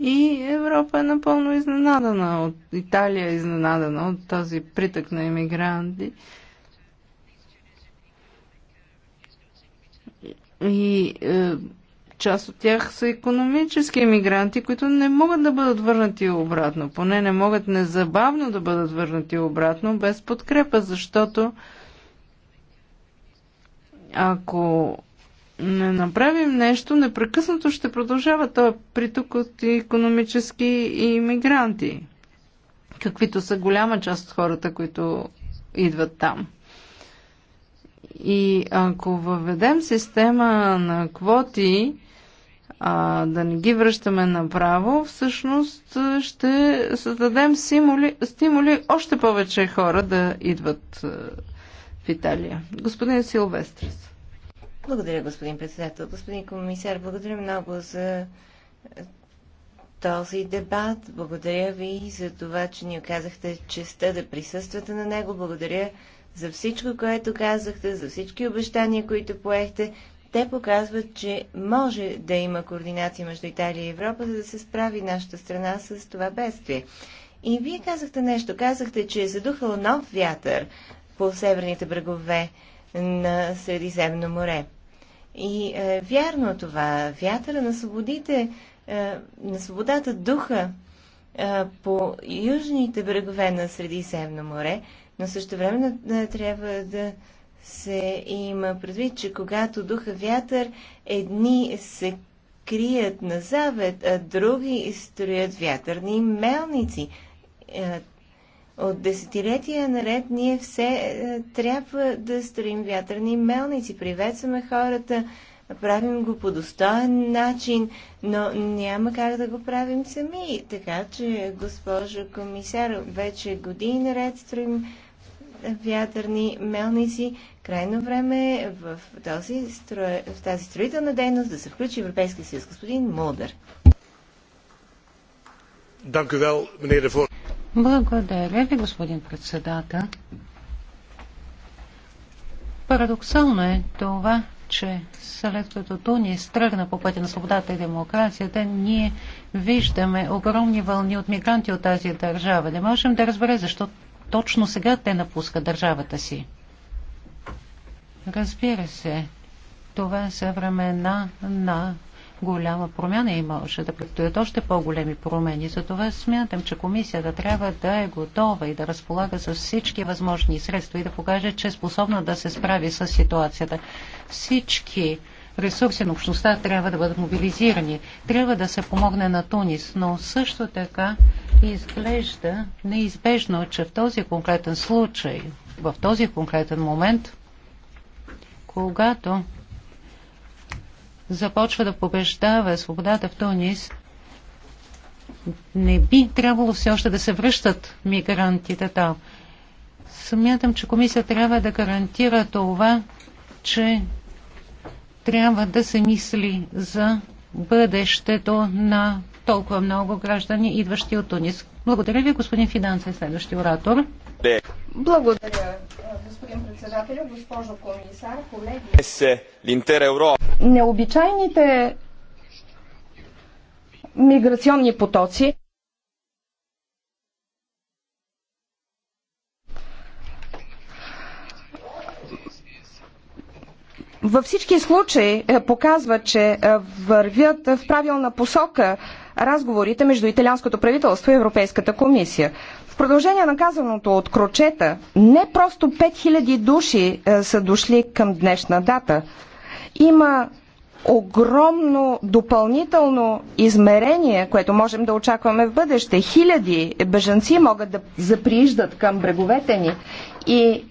И Европа е напълно изненадана, от Италия е изненадана от този притък на иммигранти. И е, Част от тях са економически иммигранти, които не могат да бъдат върнати обратно. Поне не могат незабавно да бъдат върнати обратно без подкрепа, защото ако не направим нещо, непрекъснато ще продължава този приток от економически иммигранти, каквито са голяма част от хората, които идват там. И ако въведем система на квоти, а, да не ги връщаме направо, всъщност ще създадем стимули, стимули още повече хора да идват в Италия. Господин Силвестрис. Благодаря, господин председател. Господин комисар, благодаря много за този дебат. Благодаря ви за това, че ни оказахте честа да присъствате на него. Благодаря за всичко, което казахте, за всички обещания, които поехте. Те показват, че може да има координация между Италия и Европа, за да се справи нашата страна с това бедствие. И вие казахте нещо. Казахте, че е задухал нов вятър по северните брегове на Средиземно море. И е, вярно е това. Вятъра на свободите, е, на свободата духа е, по южните брегове на Средиземно море, но също време е, трябва да се има предвид, че когато духа вятър, едни се крият на завет, а други строят вятърни мелници. Е, от десетилетия наред ние все е, трябва да строим вятърни мелници. Приветстваме хората, правим го по достоен начин, но няма как да го правим сами. Така че, госпожо комисар, вече години наред строим вятърни мелници. Крайно време е в, този в тази строителна дейност да се включи Европейския съюз. Господин Молдър. Благодаря ви, господин председател. Парадоксално е това, че след като Туния е стръгна по пътя на свободата и демокрацията, ние виждаме огромни вълни от мигранти от тази държава. Не можем да разберем защо точно сега те напускат държавата си. Разбира се, това са времена на голяма промяна и може да предстоят още по-големи промени. Затова смятам, че комисията трябва да е готова и да разполага с всички възможни средства и да покаже, че е способна да се справи с ситуацията. Всички ресурси на общността трябва да бъдат мобилизирани. Трябва да се помогне на Тунис, но също така изглежда неизбежно, че в този конкретен случай, в този конкретен момент, когато започва да побеждава свободата в Тунис, не би трябвало все още да се връщат мигрантите там. Смятам, че комисия трябва да гарантира това, че трябва да се мисли за бъдещето на толкова много граждани, идващи от Тунис. Благодаря ви, господин Финанце, следващия оратор. Благодаря, господин председател, госпожо комисар, колеги. Е Необичайните миграционни потоци във всички случаи е, показва, че е, вървят е, в правилна посока разговорите между италианското правителство и Европейската комисия. В продължение на казаното от Крочета, не просто 5000 души са дошли към днешна дата. Има огромно допълнително измерение, което можем да очакваме в бъдеще. Хиляди бежанци могат да заприиждат към бреговете ни и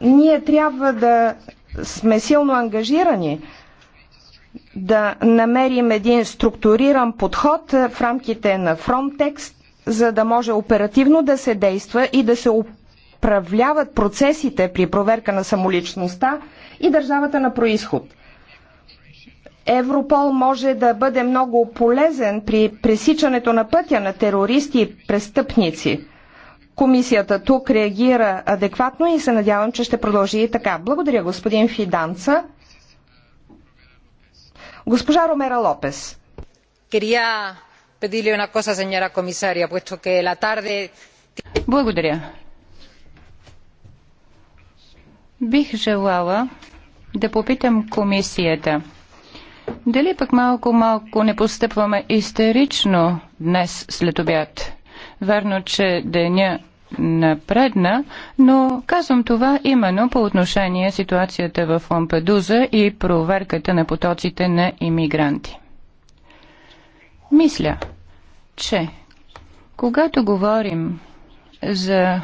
ние трябва да сме силно ангажирани да намерим един структуриран подход е, в рамките на Frontex, за да може оперативно да се действа и да се управляват процесите при проверка на самоличността и държавата на происход. Европол може да бъде много полезен при пресичането на пътя на терористи и престъпници – Комисията тук реагира адекватно и се надявам, че ще продължи и така. Благодаря, господин Фиданца. Госпожа Ромера Лопес. puesto que la tarde... Благодаря. Бих желала да попитам комисията. Дали пък малко-малко не постъпваме истерично днес след обяд? Верно, че деня напредна, но казвам това именно по отношение ситуацията в Лампедуза и проверката на потоците на иммигранти. Мисля, че когато говорим за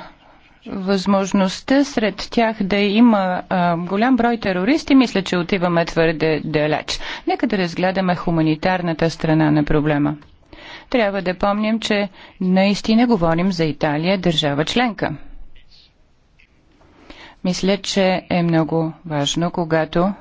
възможността сред тях да има а, голям брой терористи, мисля, че отиваме твърде далеч. Нека да разгледаме хуманитарната страна на проблема трябва да помним, че наистина говорим за Италия, държава членка. Мисля, че е много важно, когато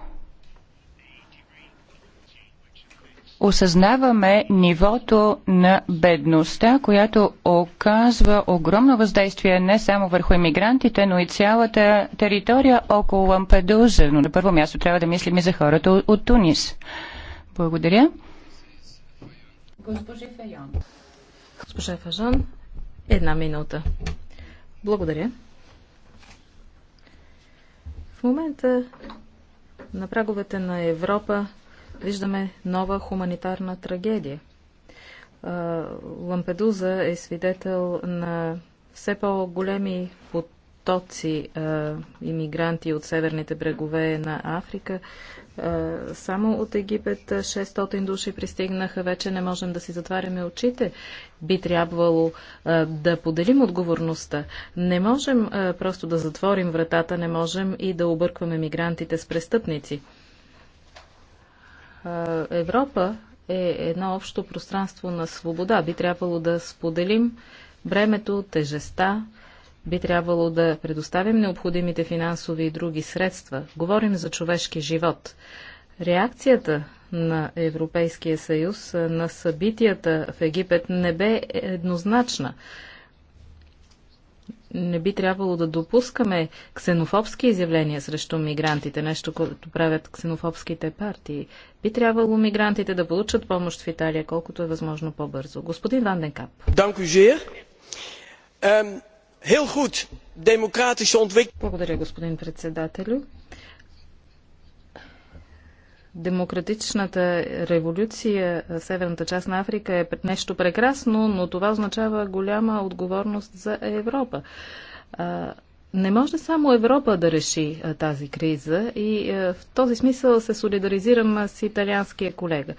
осъзнаваме нивото на бедността, която оказва огромно въздействие не само върху иммигрантите, но и цялата територия около Лампедуза. Но на първо място трябва да мислим и за хората от Тунис. Благодаря. Госпожи Фейон. Госпожа Фажан, една минута. Благодаря. В момента на праговете на Европа виждаме нова хуманитарна трагедия. Лампедуза е свидетел на все по-големи потоци иммигранти от северните брегове на Африка. Е, само от Египет 600 души пристигнаха. Вече не можем да си затваряме очите. Би трябвало е, да поделим отговорността. Не можем е, просто да затворим вратата, не можем и да объркваме мигрантите с престъпници. Европа е едно общо пространство на свобода. Би трябвало да споделим бремето, тежеста, би трябвало да предоставим необходимите финансови и други средства. Говорим за човешки живот. Реакцията на Европейския съюз на събитията в Египет не бе еднозначна. Не би трябвало да допускаме ксенофобски изявления срещу мигрантите, нещо, което правят ксенофобските партии. Би трябвало мигрантите да получат помощ в Италия, колкото е възможно по-бързо. Господин Ванденкап. Данкужер. Благодаря, господин председателю. Демократичната революция в северната част на Африка е нещо прекрасно, но това означава голяма отговорност за Европа. Не може само Европа да реши тази криза и в този смисъл се солидаризирам с италианския колега.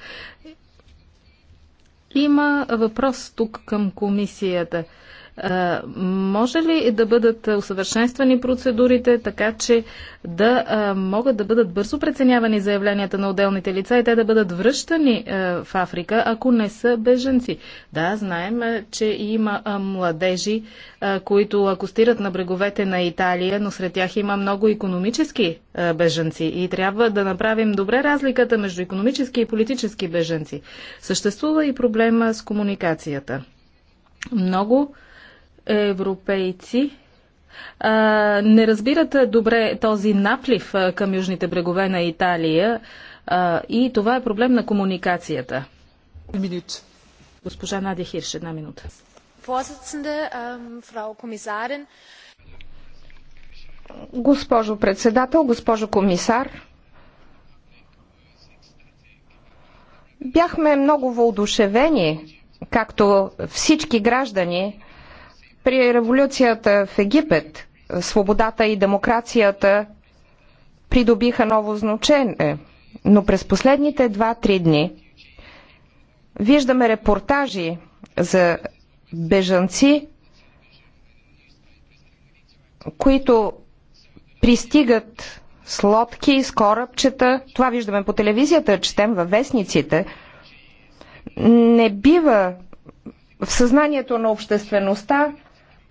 Има въпрос тук към комисията. Е, може ли да бъдат усъвършенствани процедурите, така че да е, могат да бъдат бързо преценявани заявленията на отделните лица и те да бъдат връщани е, в Африка, ако не са беженци? Да, знаем, че има младежи, които акустират на бреговете на Италия, но сред тях има много економически беженци и трябва да направим добре разликата между економически и политически беженци. Съществува и проблема с комуникацията. Много европейци не разбират добре този наплив към южните брегове на Италия и това е проблем на комуникацията. Минут. Госпожа Надя Хирш, една минута. Госпожо председател, госпожо комисар, бяхме много въодушевени, както всички граждани, при революцията в Египет свободата и демокрацията придобиха ново значение, но през последните 2-3 дни виждаме репортажи за бежанци, които пристигат с лодки, с корабчета. Това виждаме по телевизията, четем във вестниците. Не бива в съзнанието на обществеността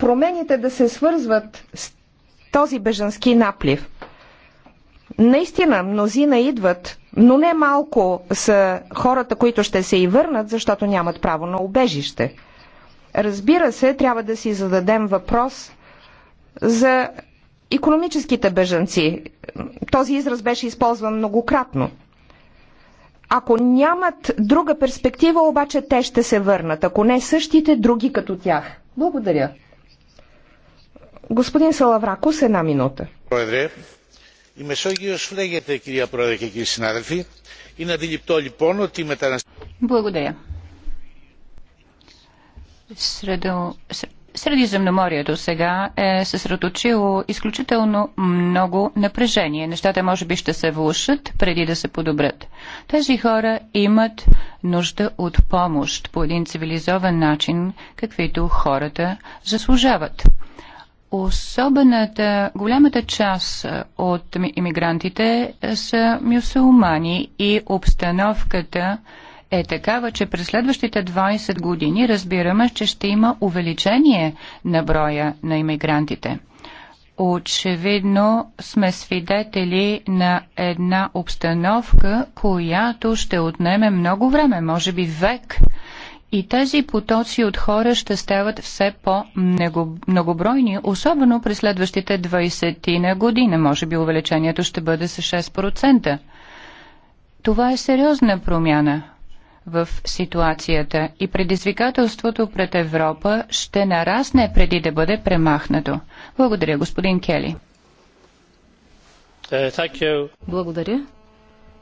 промените да се свързват с този бежански наплив. Наистина, мнозина идват, но не малко са хората, които ще се и върнат, защото нямат право на убежище. Разбира се, трябва да си зададем въпрос за економическите бежанци. Този израз беше използван многократно. Ако нямат друга перспектива, обаче те ще се върнат. Ако не същите, други като тях. Благодаря. Господин Салавракос, една минута. Η Μεσόγειος φλέγεται, κυρία Πρόεδρε και κύριοι συνάδελφοι. Είναι αντιληπτό λοιπόν ότι η μεταναστευτική... Благодаря. Средо... Средиземноморието сега е съсредоточило изключително много напрежение. Нещата може би ще се влушат преди да се подобрят. Тези хора имат нужда от помощ по един цивилизован начин, каквито хората заслужават. Особената, голямата част от иммигрантите са мюсулмани и обстановката е такава, че през следващите 20 години разбираме, че ще има увеличение на броя на иммигрантите. Очевидно сме свидетели на една обстановка, която ще отнеме много време, може би век, и тези потоци от хора ще стават все по-многобройни, особено през следващите 20 на година. Може би увеличението ще бъде с 6%. Това е сериозна промяна в ситуацията и предизвикателството пред Европа ще нарасне преди да бъде премахнато. Благодаря, господин Кели. Uh, Благодаря,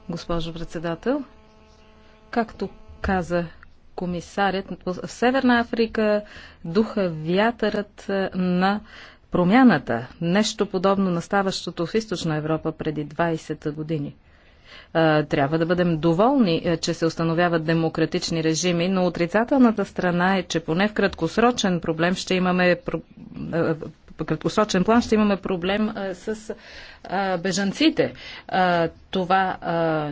госпожо председател. Както каза комисарят. В Северна Африка духа вятърът е, на промяната. Нещо подобно на ставащото в Източна Европа преди 20 години. Е, трябва да бъдем доволни, е, че се установяват демократични режими, но отрицателната страна е, че поне в краткосрочен проблем ще имаме краткосрочен план ще имаме проблем с бежанците. Това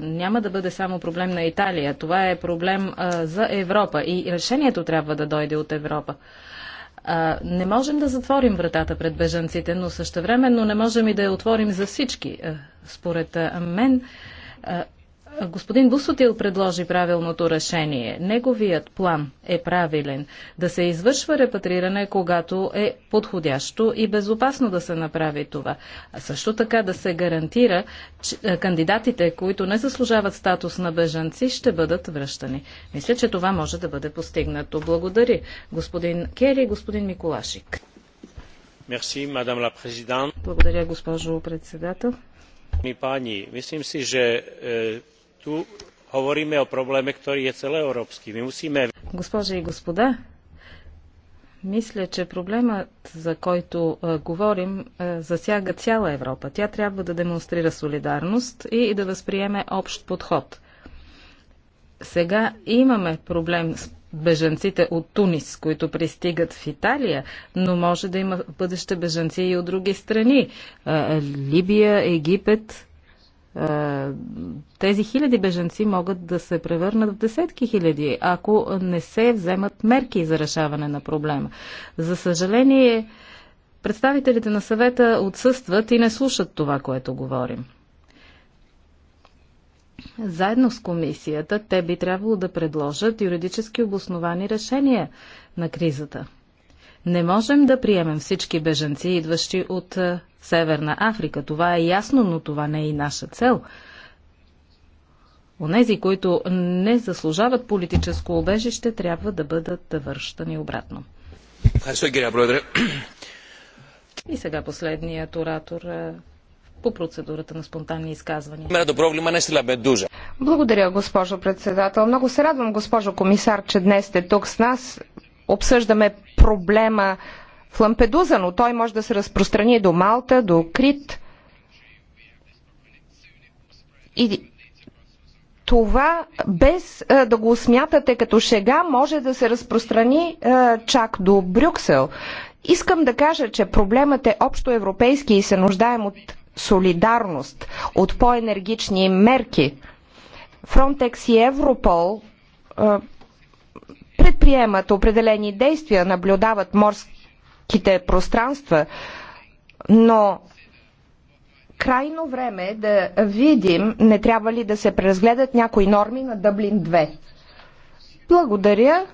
няма да бъде само проблем на Италия. Това е проблем за Европа и решението трябва да дойде от Европа. Не можем да затворим вратата пред бежанците, но същевременно не можем и да я отворим за всички. Според мен Господин Бусотил предложи правилното решение. Неговият план е правилен да се извършва репатриране, когато е подходящо и безопасно да се направи това. А също така да се гарантира, че кандидатите, които не заслужават статус на бежанци, ще бъдат връщани. Мисля, че това може да бъде постигнато. Благодаря. Господин Кери и господин Миколашик. Мерси, мадам ла президент. Благодаря, госпожо председател. Пани, мислим си, че е, tu hovoríme o probléme, ktorý je celoeurópsky. My musíme... Госпожи и господа, мисля, че проблемът, за който е, говорим, е, засяга цяла Европа. Тя трябва да демонстрира солидарност и, и да възприеме общ подход. Сега имаме проблем с бежанците от Тунис, които пристигат в Италия, но може да има в бъдеще бежанци и от други страни. Е, Либия, Египет, е, тези хиляди беженци могат да се превърнат в десетки хиляди, ако не се вземат мерки за решаване на проблема. За съжаление, представителите на съвета отсъстват и не слушат това, което говорим. Заедно с комисията те би трябвало да предложат юридически обосновани решения на кризата – не можем да приемем всички бежанци, идващи от е, Северна Африка. Това е ясно, но това не е и наша цел. Онези, които не заслужават политическо обежище, трябва да бъдат връщани обратно. И сега последният оратор е, по процедурата на спонтанни изказвания. Благодаря, госпожо председател. Много се радвам, госпожо комисар, че днес сте тук с нас обсъждаме проблема в Лампедуза, но той може да се разпространи до Малта, до Крит. И това, без а, да го смятате като шега, може да се разпространи а, чак до Брюксел. Искам да кажа, че проблемът е общо европейски и се нуждаем от солидарност, от по-енергични мерки. Фронтекс и Европол а, предприемат определени действия, наблюдават морските пространства, но крайно време е да видим, не трябва ли да се преразгледат някои норми на Дъблин 2. Благодаря.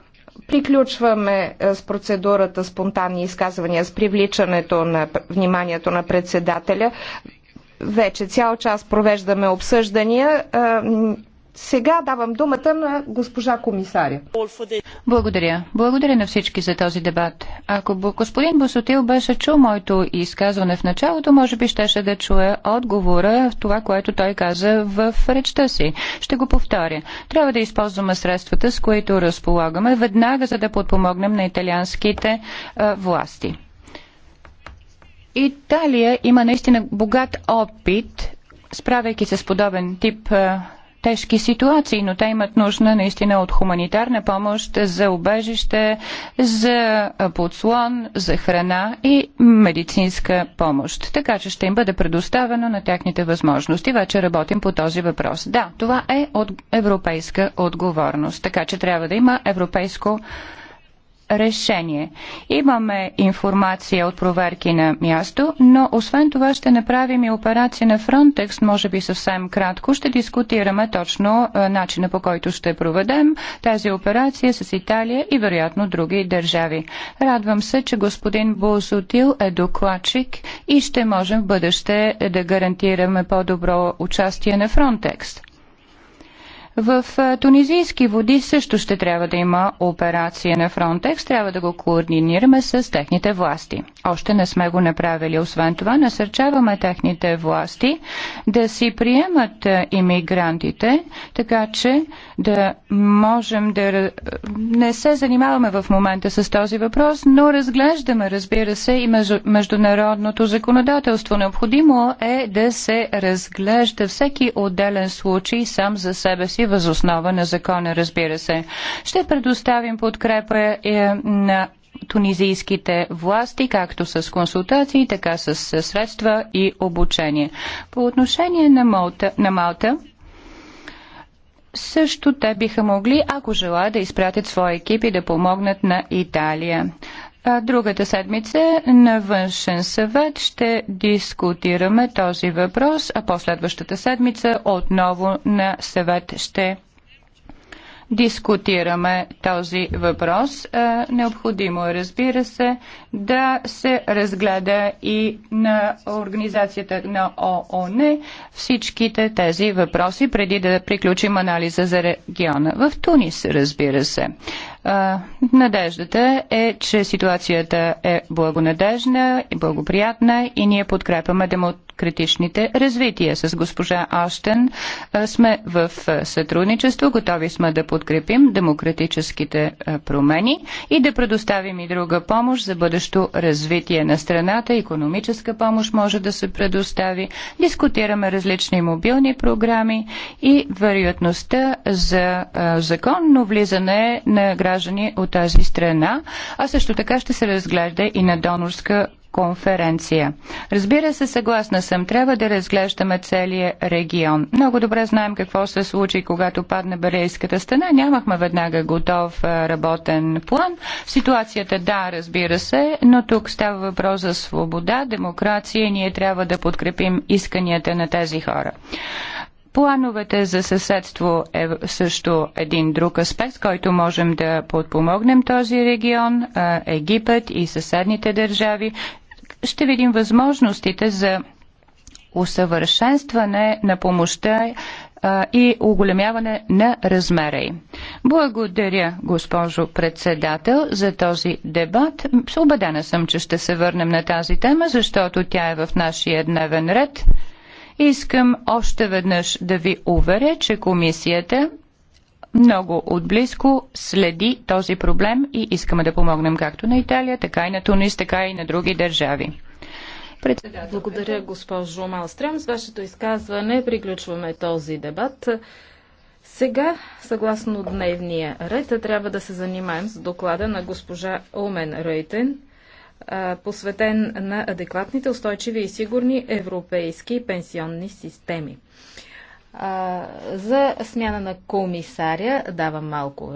Приключваме е, с процедурата спонтанни изказвания с привличането на вниманието на председателя. Вече цял час провеждаме обсъждания. Е, сега давам думата на госпожа комисаря. Благодаря. Благодаря на всички за този дебат. Ако господин Босотил беше чул моето изказване в началото, може би щеше да чуе отговора в това, което той каза в речта си. Ще го повторя. Трябва да използваме средствата, с които разполагаме, веднага за да подпомогнем на италианските а, власти. Италия има наистина богат опит, справяйки се с подобен тип а, тежки ситуации, но те имат нужда наистина от хуманитарна помощ за убежище, за подслон, за храна и медицинска помощ. Така че ще им бъде предоставено на техните възможности. Вече работим по този въпрос. Да, това е от европейска отговорност. Така че трябва да има европейско решение. Имаме информация от проверки на място, но освен това ще направим и операция на Frontex, може би съвсем кратко. Ще дискутираме точно е, начина по който ще проведем тази операция с Италия и вероятно други държави. Радвам се, че господин Бозотил е докладчик и ще можем в бъдеще да гарантираме по-добро участие на Frontex. В тунизийски води също ще трябва да има операция на Фронтекс. Трябва да го координираме с техните власти. Още не сме го направили. Освен това, насърчаваме техните власти да си приемат иммигрантите, така че да можем да... Не се занимаваме в момента с този въпрос, но разглеждаме, разбира се, и международното законодателство. Необходимо е да се разглежда всеки отделен случай сам за себе си дейности възоснова на закона, разбира се. Ще предоставим подкрепа е, на тунизийските власти, както с консултации, така с средства и обучение. По отношение на Малта, на Малта също те биха могли, ако желаят да изпратят своя екип и да помогнат на Италия. Другата седмица на външен съвет ще дискутираме този въпрос, а последващата седмица отново на съвет ще дискутираме този въпрос. Е, необходимо е, разбира се, да се разгледа и на Организацията на ООН всичките тези въпроси, преди да приключим анализа за региона. В Тунис, разбира се. Е, надеждата е, че ситуацията е благонадежна и благоприятна и ние подкрепяме демократията критичните развития. С госпожа Аштен сме в сътрудничество, готови сме да подкрепим демократическите промени и да предоставим и друга помощ за бъдещо развитие на страната. Економическа помощ може да се предостави. Дискутираме различни мобилни програми и вероятността за законно влизане на граждани от тази страна, а също така ще се разглежда и на донорска конференция. Разбира се, съгласна съм, трябва да разглеждаме целия регион. Много добре знаем какво се случи, когато падна Берейската стена. Нямахме веднага готов работен план. Ситуацията да, разбира се, но тук става въпрос за свобода, демокрация и ние трябва да подкрепим исканията на тези хора. Плановете за съседство е също един друг аспект, който можем да подпомогнем този регион, Египет и съседните държави ще видим възможностите за усъвършенстване на помощта и оголемяване на размера й. Благодаря, госпожо председател, за този дебат. Обедена съм, че ще се върнем на тази тема, защото тя е в нашия дневен ред. Искам още веднъж да ви уверя, че комисията много отблизко следи този проблем и искаме да помогнем както на Италия, така и на Тунис, така и на други държави. Председател. Благодаря, госпожо Малстрем. С вашето изказване приключваме този дебат. Сега, съгласно дневния ред, трябва да се занимаем с доклада на госпожа Омен Рейтен, посветен на адекватните, устойчиви и сигурни европейски пенсионни системи за смяна на комисаря давам малко